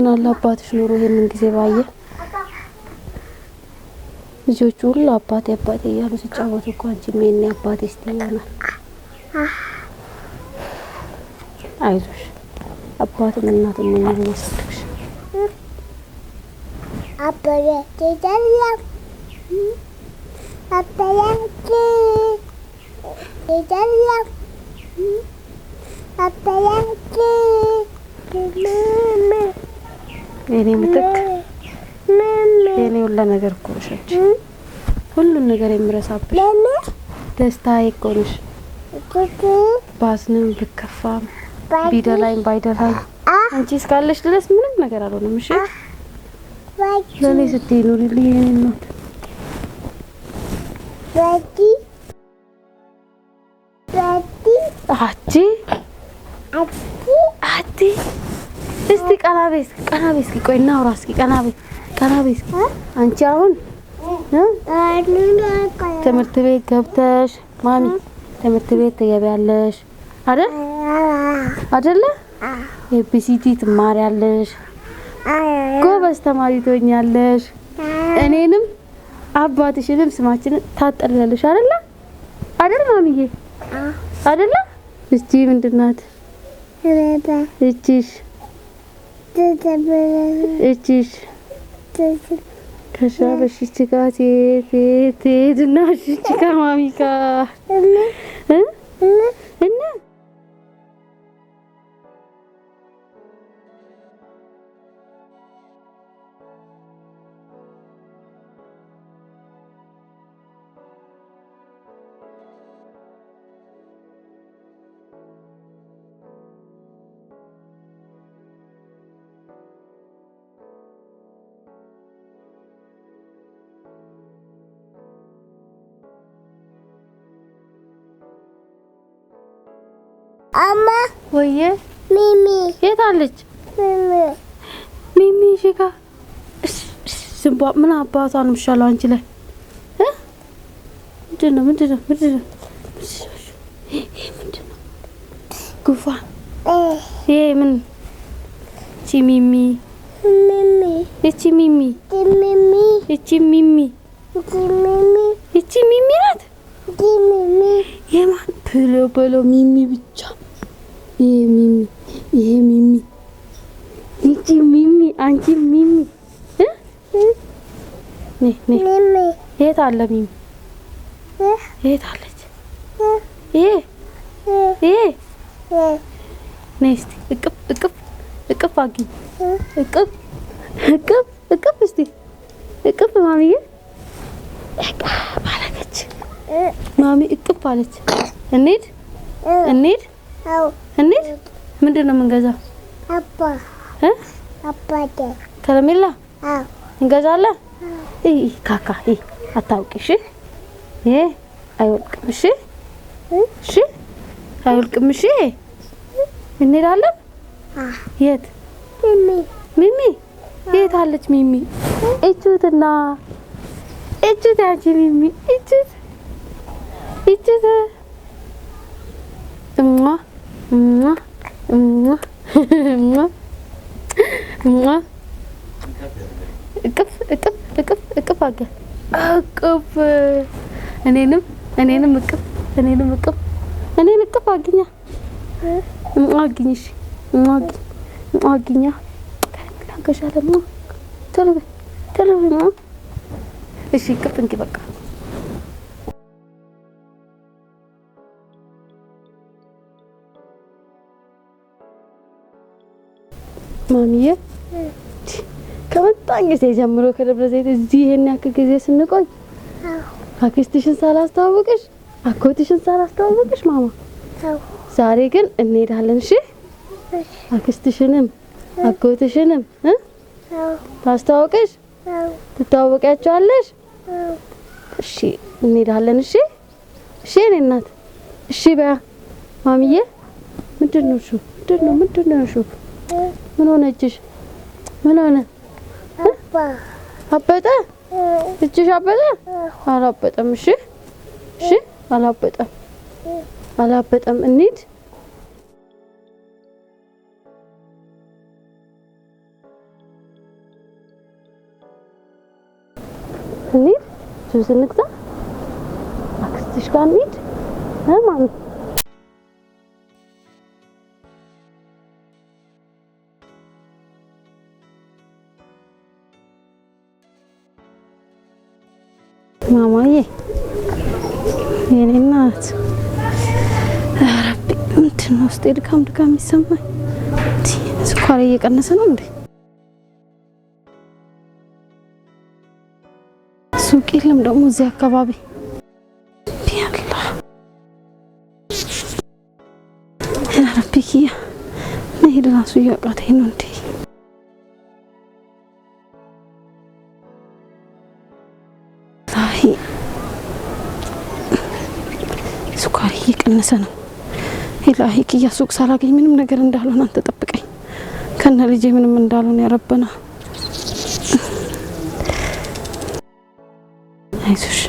ምን አለ አባትሽ ኑሮ ይሄንን ጊዜ ባየ ልጆቹ ሁሉ አባቴ አባቴ እያሉ ሲጫወቱ እኮ አንቺም የኔ አባቴ እስቲ ይሆናል። አይዞሽ አባትም እናትም ነው የሚያሳድግሽ። አባቴ ይደለም አባቴ ይደለም አባቴ የኔ ምትክ የኔ ሁላ ነገር እኮ ነሽ አንቺ። ሁሉን ነገር የምረሳብሽ ደስታዬ እኮ ነሽ። ባዝንም ብከፋም ቢደላይም ባይደላይም አንቺ እስካለሽ ድረስ ምንም ነገር አልሆንም። እሺ ለእኔ ስትይ ኑሪልኝ የኔ እናት። አቺ አቺ አቺ እስቲ ቀና በይ እስኪ ቀና በይ እስኪ ቆይ እናውራ እስኪ ቀና በይ ቀና በይ እስኪ አንቺ አሁን ትምህርት ቤት ገብተሽ ማሚ ትምህርት ቤት ትገቢያለሽ አይደል አይደለ ኤቢሲቲ ትማሪያለሽ ጎበዝ ተማሪ ትሆኛለሽ እኔንም አባትሽንም ስማችንን ታጠልያለሽ አይደለ አይደል ማሚዬ አይደለ እስቲ ምንድን ናት እቺሽ እጅሽ ከዛ በሽች ጋር ትሄድ ትሄድ እና ሽች ጋር ማሚ ጋር እና አማ ወየ ሚሚ የት አለች? ሚሚ ሚሚ ሽጋ ዝንቧ ምን አባቷ ነው የሚሻለው አንቺ ላይ ምንድን ነው ምንድን ነው ምንድን ነው ምንድን ነው ጉንፋን ይሄ ምን እቺ ሚሚ ሚሚ እቺ ሚሚ ሚሚ እቺ ሚሚ እቺ ሚሚ ናት ሚሚ የማን ብሎ ብሎ ሚሚ ብቻ ይሄ ሚሚ ይሄ ሚሚ ይቺ ሚሚ አንቺ ሚሚ የት አለ ሚሚ የት አለች? እስቲ እቅፍ እቅፍ እቅፍ አግኝ እቅፍ እቅፍ እቅፍ እስቲ እቅፍ ማሚዬ እቅፍ አለች ማሚ እቅፍ አለች እንሂድ እንሂድ እንዴት? ምንድን ነው የምንገዛው? ከረሜላ እንገዛለን። ካካ አታውቂ። እሺ፣ አይወልቅም። እሺ፣ እሺ፣ አይወልቅም። እሺ፣ እንሄዳለን። የት ሚሚ? የት አለች ሚሚ? እችሁትና እችሁት ያንቺ ሚሚ እማ እቅፍ እቅፍ እቅፍ እቅፍ አገ እቅፍ እኔንም እኔንም እቅፍ እኔንም እቅፍ እኔን እቅፍ አግኛ አግኝሽ አግኛ ገሻለማ ተለበ ተለበ እሺ እቅፍ እንኪ በቃ ማሚዬ ከመጣን ጊዜ ጀምሮ ከደብረ ዘይት እዚህ ይሄን ያክል ጊዜ ስንቆይ አክስትሽን ሳላስተዋውቅሽ አጎትሽን ሳላስተዋውቅሽ ማማ፣ ዛሬ ግን እንሄዳለን። እሺ አክስትሽንም አጎትሽንም ታስተዋውቅሽ ትተዋወቂያቸዋለሽ። እሺ እንሄዳለን። እሺ እሺ፣ እኔ እናት እሺ። በያ ማሚዬ፣ ምንድን ነው እሱ? ምንድን ነው ምንድን ነው እሱ? ምን ሆነ እጅሽ? ምን ሆነ? አበጠ? እጅሽ አበጠ? አላበጠም። እሺ፣ እሺ፣ አላበጠም፣ አላበጠም። እንሂድ እንሂድ፣ ጁስ እንግዛ፣ አክስትሽ ጋር እንሂድ። ማን ውስጥ ድካም ድካም ይሰማኝ። ስኳር እየቀነሰ ነው እንዴ? ሱቅ የለም ደግሞ እዚህ አካባቢ ረቢክያ መሄድ ራሱ እያቃተኝ ነው እንዴ? ስኳር እየቀነሰ ነው። ኢላሂ ክያ ሱቅ ሳላገኝ ምንም ነገር እንዳልሆነ አንተ ጠብቀኝ። ከነ ልጄ ምንም እንዳልሆነ ያረበና አይዞሽ።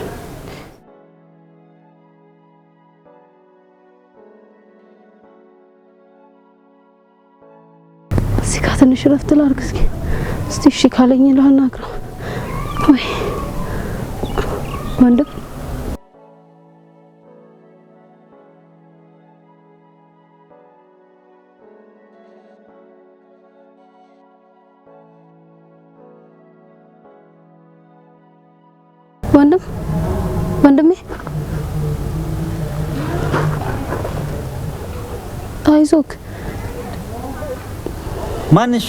እዚህ ጋር ትንሽ ረፍት ላርግ እስኪ እስቲ እሺ ካለኝ ላናግረው ወይ ወንድም ወንድም ወንድሜ አይዞክ። ማንሽ?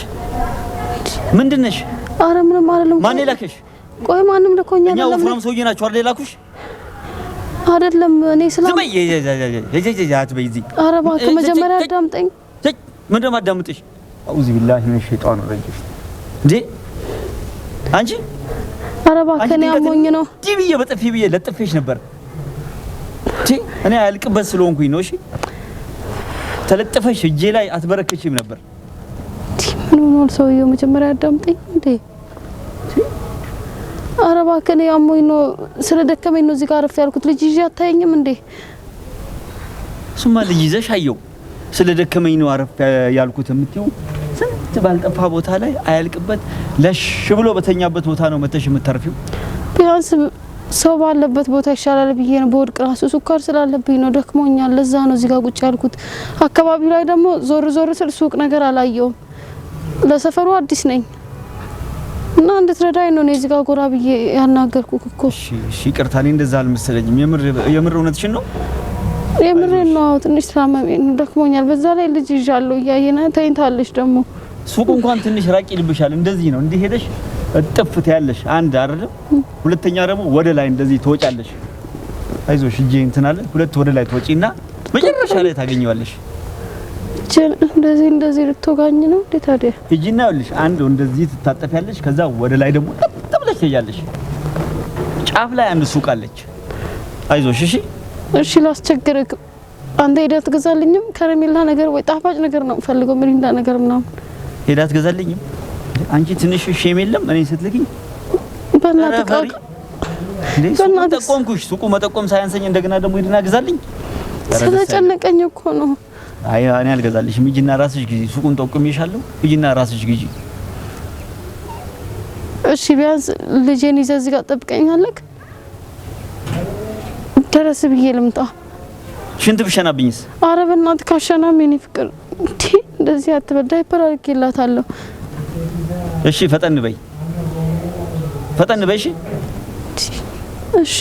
ምንድነሽ? አረ ምንም አይደለም። ማን ላከሽ? ቆይ ማንም ልኮኛ አይደለም። ያው ፍራም ሰውዬ ናቸው አይደል ላኩሽ? አይደለም እኔ ስለ በይ አረ እባክህ መጀመሪያ አዳምጠኝ። ምን ደግሞ አውዚ ቢላሂ ሚን ሸይጣን ረጅም እንዴ አንቺ ኧረ እባክህ አሞኝ ነው እንዲህ ብዬ በጥፊ ብዬ ለጥፌሽ ነበር። እኔ አያልቅበት ስለሆንኩኝ ነው። እሺ ተለጥፈሽ እጄ ላይ አትበረክችም ነበር። ምን ሆኗል ሰውየው? መጀመሪያ አዳምጠኝ እንዴ! ኧረ እባክህ አሞኝ ነው፣ ስለደከመኝ ነው እዚህ ጋር አረፍት ያልኩት። ልጅ ይዤ አታየኝም እንዴ? እሱማ ልጅ ይዘሽ አየው። ስለደከመኝ ነው አረፍ ያልኩት የምትይው ጥፍት ባልጠፋ ቦታ ላይ አያልቅበት ለሽ ብሎ በተኛበት ቦታ ነው መተሽ የምታርፊው። ቢያንስ ሰው ባለበት ቦታ ይሻላል ብዬ ነው። በወድቅ ራሱ ሱካር ስላለብኝ ነው፣ ደክሞኛል። ለዛ ነው እዚጋ ቁጭ ያልኩት። አካባቢው ላይ ደግሞ ዞር ዞር ስል ሱቅ ነገር አላየውም። ለሰፈሩ አዲስ ነኝ እና እንድትረዳኝ ነው እዚህ ጋር ጎራ ብዬ ያናገርኩ እኮ። እሺ ይቅርታ፣ እኔ እንደዛ አልመሰለኝም። የምር እውነትሽን ነው? የምሬን ነው። ትንሽ ታመሜ ደክሞኛል። በዛ ላይ ልጅ ይዣለሁ፣ እያየነ ተኝታለች ደግሞ ሱቁ እንኳን ትንሽ ራቅ ይልብሻል። እንደዚህ ነው እንዲህ ሄደሽ እጥፍት ያለሽ አንድ አይደለም። ሁለተኛ ደግሞ ወደ ላይ እንደዚህ ትወጫለሽ። አይዞሽ እጄ እንትን አለ። ሁለት ወደ ላይ ትወጪና መጨረሻ ላይ ታገኘዋለሽ። እንደዚህ እንደዚህ ልትወጋኝ ነው እንዴ ታዲያ? እጂና ይኸውልሽ፣ አንድ እንደዚህ ትታጠፊያለሽ። ከዛ ወደ ላይ ደግሞ ቀጥ ብለሽ ትሄጃለሽ። ጫፍ ላይ አንድ ሱቅ አለች። አይዞሽ እሺ። እሺ ላስቸግርህ አንተ ሄደህ ትገዛልኝም። ከረሜላ ነገር ወይ ጣፋጭ ነገር ነው ፈልገው፣ ሚሪንዳ ነገር ምናምን ሄዳ አትገዛልኝም? አንቺ ትንሽ ሼም የለም? እኔ ስትልኪኝ ጠቆምኩሽ። ሱቁ መጠቆም ሳያንሰኝ እንደገና ደግሞ ሂድና ግዛልኝ። ስለጨነቀኝ እኮ ነው። አይ እኔ አልገዛልሽም። ሂጂና ራስሽ ግዢ። ሱቁን ጠቁሜሻለሁ። ሂጂና ራስሽ ግዢ። እሺ ቢያንስ ልጄን ይዘህ እዚህ ጋር ጠብቀኛለህ። ደረስ ብዬ ልምጣ። ሽንት ብሸናብኝስ? አረ በእናትህ ካሸናም የኔ ፍቅር እንዴ እንደዚህ አትበል። ዳይፐር አድርጌላታለሁ። እሺ ፈጠን በይ፣ ፈጠን በይ። እሺ እሺ።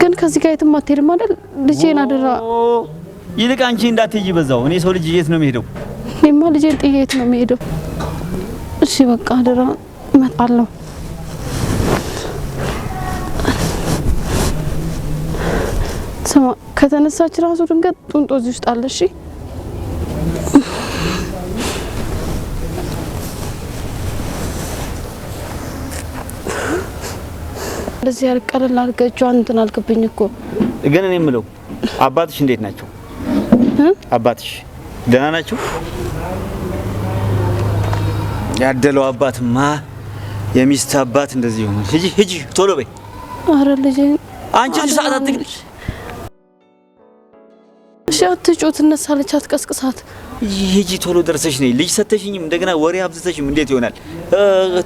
ግን ከዚህ ጋር የትም አትሄድም አይደል? ልጄን አደራ። ይልቅ አንቺ እንዳትይ በዛው። እኔ ሰው ልጅ የት ነው የሚሄደው? እኔማ ልጄን ጥዬ የት ነው የሚሄደው? እሺ በቃ አደራ፣ እመጣለሁ። ከተነሳች ራሱ ድንገት ጡንጦ እዚህ ውስጥ አለ። እሺ እንደዚህ ያልቀለል አድርገህ እጇን እንትን አልክብኝ እኮ። ግን እኔ የምለው አባትሽ እንዴት ናቸው? አባትሽ ደህና ናቸው? ያደለው አባትማ የሚስት አባት እንደዚህ ይሆናል። ሂጂ ሂጂ ቶሎ በይ። አረ ልጄ አንቺ ሰዓት አትግልሽ እሺ አትጮ ትነሳለች፣ አትቀስቅሳት። ሂጂ ቶሎ ደርሰሽ ነይ። ልጅ ሰተሽኝም እንደገና ወሬ አብዝተሽም እንዴት ይሆናል?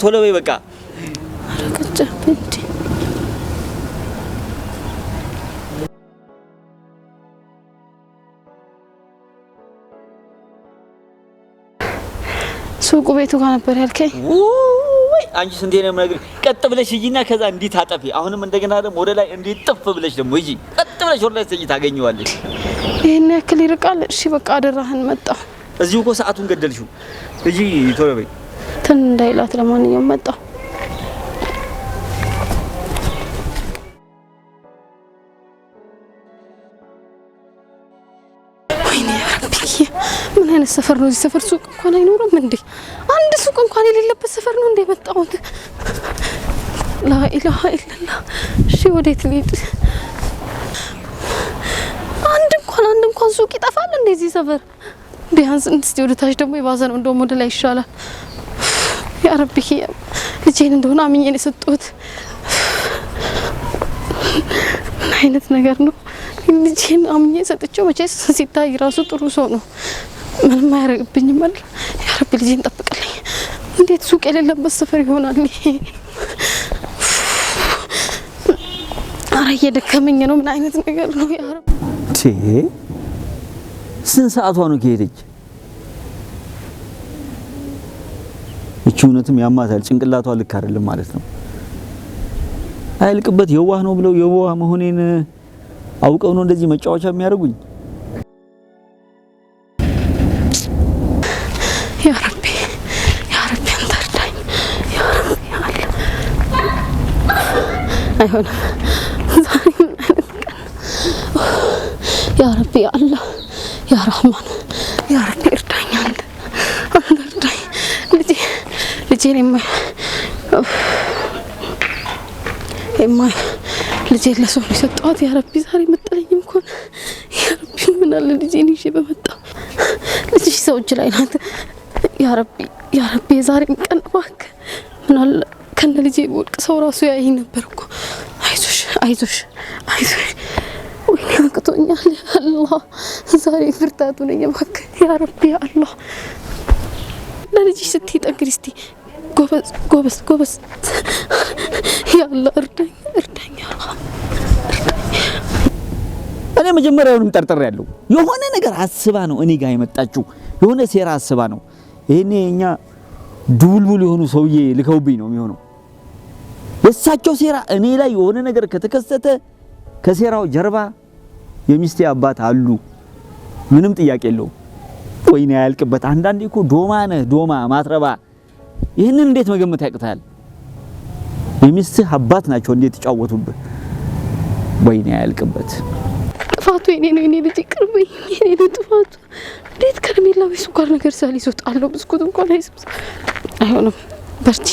ቶሎ በይ በቃ። ሱቁ ቤቱ ጋር ነበር ያልከኝ? ወይ አንቺ ስንቴ ነው የምነግርሽ? ቀጥ ብለሽ እይና ከዛ እንዲህ ታጠፊ። አሁንም እንደገና ደግሞ ወደ ላይ እንዲህ ጥፍ ብለሽ ደግሞ እይ። ቀጥ ብለሽ ወደ ላይ ስትይ ታገኘዋለሽ። ይሄን ያክል ይርቃል? እሺ በቃ አደራህን፣ መጣ። እዚሁ እኮ ሰዓቱን ገደልሽው። እይ ቶሎ በይ። ትን እንዳይላት። ለማንኛውም መጣ ምን አይነት ሰፈር ነው? እዚህ ሰፈር ሱቅ እንኳን አይኖርም እንዴ? አንድ ሱቅ እንኳን የሌለበት ሰፈር ነው እንደ የመጣሁት። ላኢላሀ ኢለላ። እሺ ወዴት ልሂድ? አንድ እንኳን አንድ እንኳን ሱቅ ይጠፋል እንደዚህ ሰፈር። ቢያንስ እንስቲ ወደ ታች ደግሞ የባሰ ነው፣ እንደውም ወደ ላይ ይሻላል። ያ ረቢ ልጄን እንደሆነ አምኜ ነው ምን አይነት ነገር ነው? ልጄን አምኜ ሰጥቼው መቼ ሲታይ ራሱ ጥሩ ሰው ነው። ምንም አያደርግብኝም አይደል? ያ ረቢ ልጄን ጠብቅልኝ። እንዴት ሱቅ የሌለበት ሰፈር ይሆናል? አረ እየደከመኝ ነው። ምን አይነት ነገር ነው? ያ ረቢ ስንት ሰዓቷ ነው ከሄደች? እቺ እውነትም ያማታል። ጭንቅላቷ ልክ አይደለም ማለት ነው። አያልቅበት የዋህ ነው ብለው የዋህ መሆኔን አውቀው ነው እንደዚህ መጫወቻ የሚያደርጉኝ? ያ ረቢ አይሆንም። ያ ረቢ አለ ያ ረህማን ያ ረቢ እርዳኝ። አንተ አንተ እርዳኝ ልጄ ልጄ የማይ ልጄን ለሰው ነው የሰጠኋት። ያረቢ ዛሬ መጠለኝም እኮ ያረቢ፣ ምናለ ልጄን ይዤ በመጣ ልጅሽ ሰው እጅ ላይ ናት። ያረቢ ያረቢ፣ የዛሬን ቀን እባክህ፣ ምናለ ከነ ልጄ በወድቅ ሰው ራሱ ያይ ነበር እኮ። አይዞሽ አይዞሽ አይዞሽ። ወይኔ አቅቶኛል። አላህ ዛሬ ብርታቱ ነኝ። እባክህ ያረቢ አላ ለልጅሽ ስትይ ጠንክሪ እስቲ ጎበዝ ጎበዝ ጎበዝ። ያለ እርዳኝ እርዳኝ። እኔ መጀመሪያውንም ጠርጥሬ ያለው የሆነ ነገር አስባ ነው እኔ ጋር የመጣችው የሆነ ሴራ አስባ ነው። ይሄኔ እኛ ድቡልቡል የሆኑ ሰውዬ ልከውብኝ ነው የሚሆነው። የእሳቸው ሴራ እኔ ላይ የሆነ ነገር ከተከሰተ ከሴራው ጀርባ የሚስቴ አባት አሉ። ምንም ጥያቄ የለውም። ወይኔ አያልቅበት አንዳንዴ እኮ ዶማ ነህ ዶማ ማትረባ ይህንን እንዴት መገመት ያቅታል? የሚስትህ አባት ናቸው እንዴት ተጫወቱብህ? ወይኔ ያልቅበት ጥፋቱ የኔ ነው። የኔ ልጅ ቅርብ የኔ ነው ጥፋቱ። እንዴት ከረሜላ ወይ ስኳር ነገር ሳል ሳልይዝ እወጣለሁ? ብስኩት እንኳን አይስብስ። አይሆንም። በርቺ፣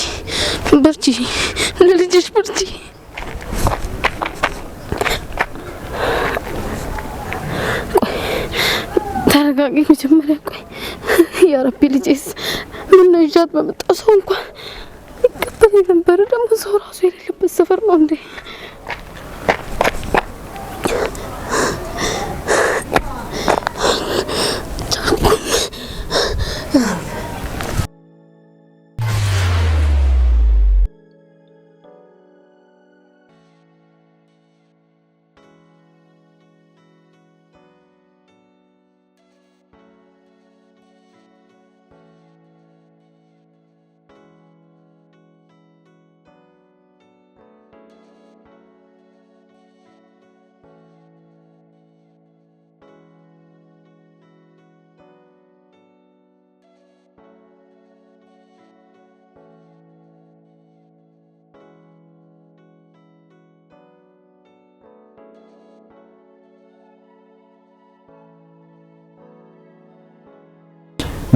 በርቺ፣ ለልጅሽ በርቺ። ተረጋጊ። መጀመሪያ ቆይ የአረቢ ልጄስ ምን ነው ይዣት በመጣ ሰው እንኳን ይቀበል የነበረ ደግሞ ሰው ራሱ የሌለበት ሰፈር ነው እንዴ?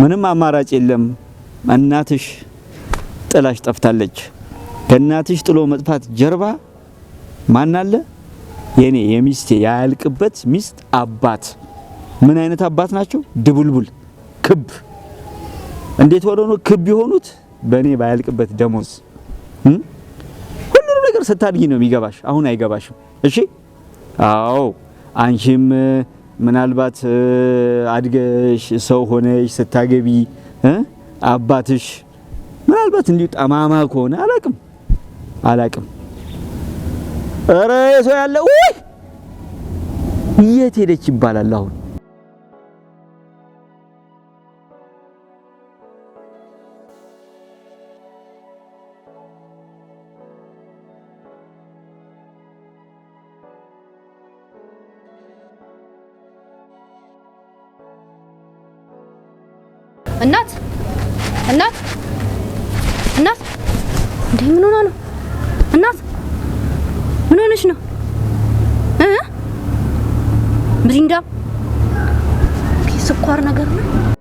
ምንም አማራጭ የለም። እናትሽ ጥላሽ ጠፍታለች። ከእናትሽ ጥሎ መጥፋት ጀርባ ማን አለ? የኔ የሚስቴ ያያልቅበት ሚስት አባት። ምን አይነት አባት ናቸው? ድቡልቡል ክብ። እንዴት ሆኖ ነው ክብ የሆኑት? በእኔ ባያልቅበት ደሞዝ። ሁሉንም ነገር ስታድጊ ነው የሚገባሽ። አሁን አይገባሽም። እሺ። አዎ አንቺም ምናልባት አድገሽ ሰው ሆነሽ ስታገቢ አባትሽ ምናልባት እንዲሁ ጠማማ ከሆነ አላቅም አላቅም። ኧረ ሰው ያለ ውይ የት ሄደች ይባላል አሁን ነገር ነው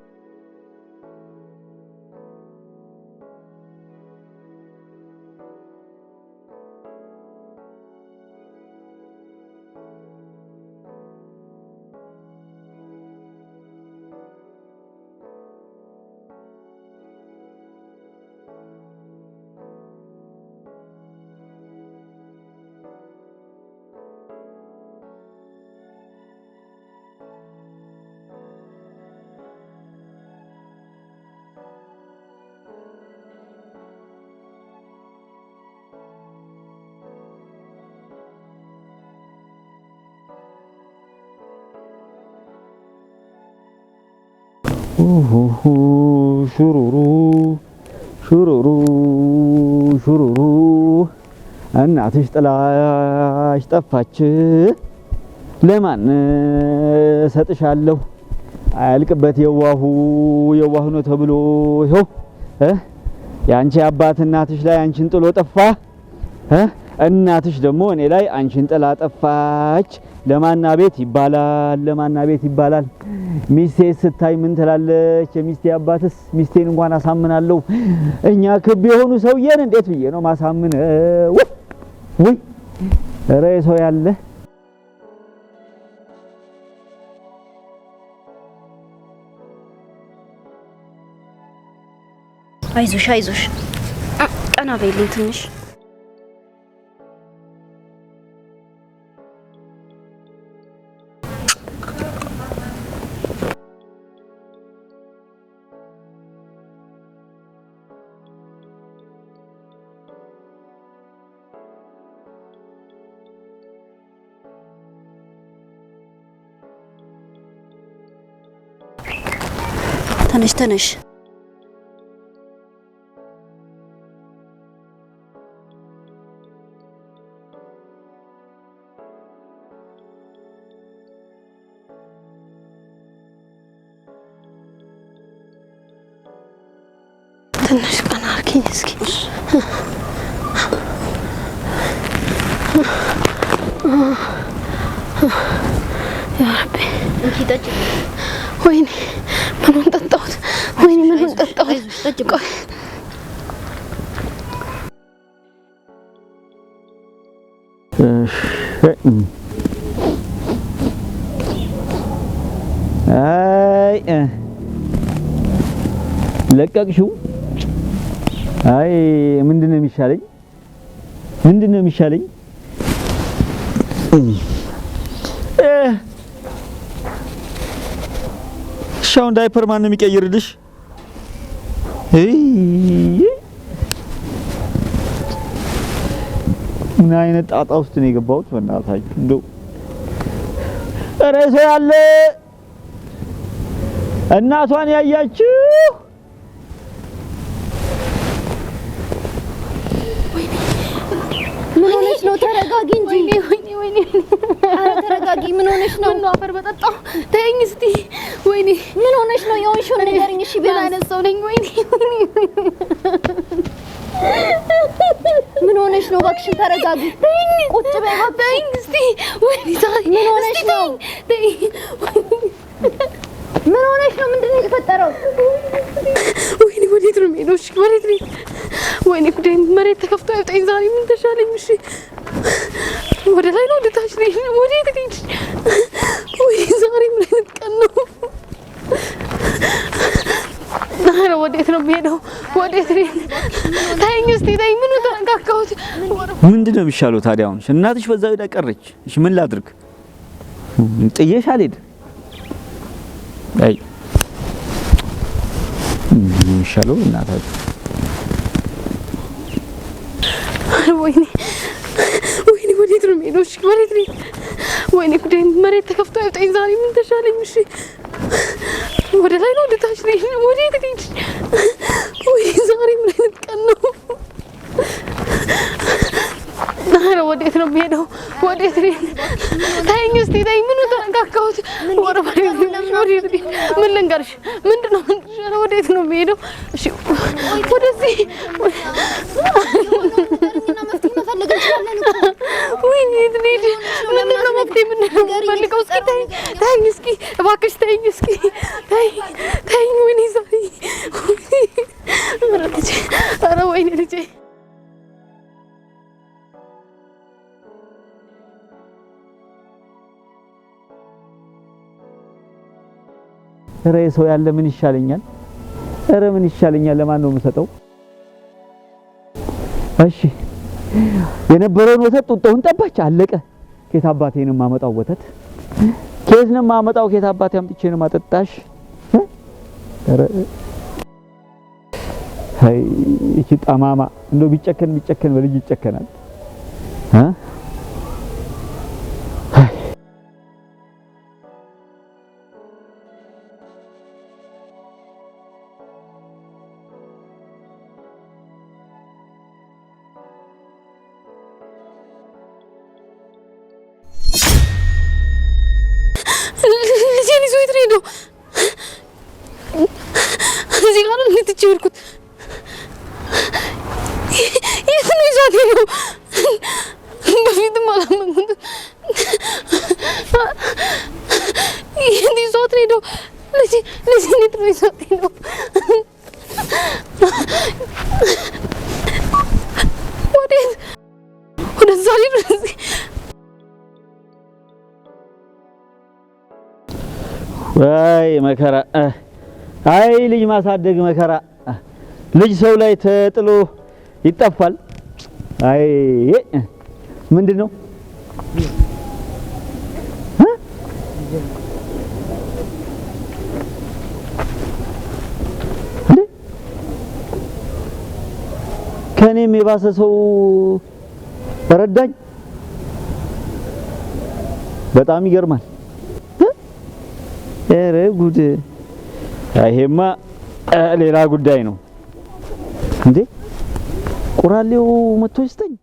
ሹሩሩ ሹሩሩ ሹሩሩ እናትሽ ጥላሽ ጠፋች፣ ለማን ሰጥሻለሁ? አያልቅበት የዋሁ የዋሁ ነው ተብሎ ይኸው የአንቺ አባት እናትሽ ላይ አንቺን ጥሎ ጠፋ። እናትሽ ደግሞ እኔ ላይ አንቺን ጥላ ጠፋች። ለማና ቤት ይባላል፣ ለማና ቤት ይባላል። ሚስቴ ስታይ ምን ትላለች? የሚስቴ አባትስ ሚስቴን እንኳን አሳምናለሁ። እኛ ክብ የሆኑ ሰውዬን እንዴት ብዬ ነው ማሳምን? ውይ ኧረ ሰው ያለ አይዞሽ አይዞሽ፣ ቀና በይልኝ ትንሽ tanış. Tanış kanar kinski. Ya Rabbi. Uyni. Uyni. ምኑን ጠጣሁት? ወይኔ ምኑን ጠጣሁት? አይ ለቀቅሽው? አይ ምንድን ነው የሚሻለኝ? ምንድን ነው የሚሻለኝ? አሁን ዳይፐር ማን ነው የሚቀይርልሽ? ምን አይነት ጣጣ ውስጥ ነው የገባሁት? በእናታችሁ እንደው እረሰ ያለ እናቷን ያያችሁ ምን ሆነች ነው? ተረጋጊ እንጂ ተረጋጊ። ምን ሆነሽ ነው? ምነው አፈር በጠጣሁ? ተይኝ እስቲ። ወይኔ ምን ሆነሽ ነው? የሆንሽውን ንገሪኝ። እሺ ምን አይነት ሰው ነኝ? ወይኔ ምን ሆነሽ ነው? እባክሽን ተረጋጊ። ቁጭ በይ። ተይኝ እስቲ። ወይኔ ምን ሆነሽ ነው? ምን ሆነሽ ነው? ምንድን ነው የተፈጠረው? መሬት ነው የምሄደው። እሺ መሬት ነው። ወይኔ ጉዳይ መሬት ተከፍቶ ያውጣኝ። ዛሬ ምን ተሻለኝ? እሺ ወደ ላይ ነው ወደ ታች ነው ወደ የት ወይ ዛሬ ምን አይነት ቀን ነው? ኧረ ወዴት ነው የምሄደው? ወዴት ነው? ተይኝ እስኪ ተይኝ። ምኑ ተረጋጋሁት። ምንድን ነው የሚሻለው ታዲያ? አሁን እናትሽ በዛው ሄዳ ቀረች። እሺ ምን ላድርግ? ጥዬሽ አልሄድም። አይ የሚሻለው እናታችሁ። ወይኔ ወይኔ፣ ወዴት ነው የምሄደው? እሺ ወዴት ነው? ወይኔ ጉዴ፣ መሬት ተከፍቶ ያውጣኝ ዛሬ። ምን ተሻለኝ? እሺ ወደ ላይ ነው ወደ ታች ነው? ወዴት ነው? ወይኔ ዛሬ ምን አይነት ቀን ነው? ኧረ ወዴት ነው የምሄደው? ወዴት ነው? ተይኝ እስኪ ተይኝ። ምኑ ተነካካሁት? ወደ ምን ልንገርሽ? ምንድን ነው ወዴት ነው የሚሄደው? እሺ ወደዚህ ሥራዬ ሰው ያለ ምን ይሻለኛል? እረ ምን ይሻለኛል? ለማን ነው የምሰጠው? እሺ የነበረውን ወተት ጡጦውን ጠባች፣ አለቀ። ኬት አባቴ የማመጣው ወተት? ኬት ነው የማመጣው? ኬት አባቴ አምጥቼ ነው የማጠጣሽ? እቺ ጠማማ እንደው ቢጨከን ቢጨከን በልጅ ይጨከናል። ቁጭ ብልኩት የት ነው ይዟት ሄደው? በፊትም አላመንኩት። የት ይዟት ሄደው? ለዚህ ለዚህ እንዴት ነው ይዟት ሄደው? ወዴት ወደዛ ሊብረዚ ወይ መከራ አይ ልጅ ማሳደግ መከራ፣ ልጅ ሰው ላይ ተጥሎ ይጠፋል። አይ ምንድን ነው ከእኔም የባሰ ሰው ረዳኝ። በጣም ይገርማል። ኧረ ጉድ ይሄማ ሌላ ጉዳይ ነው እንዴ። ቁራሌው መጥቶ ይስጠኝ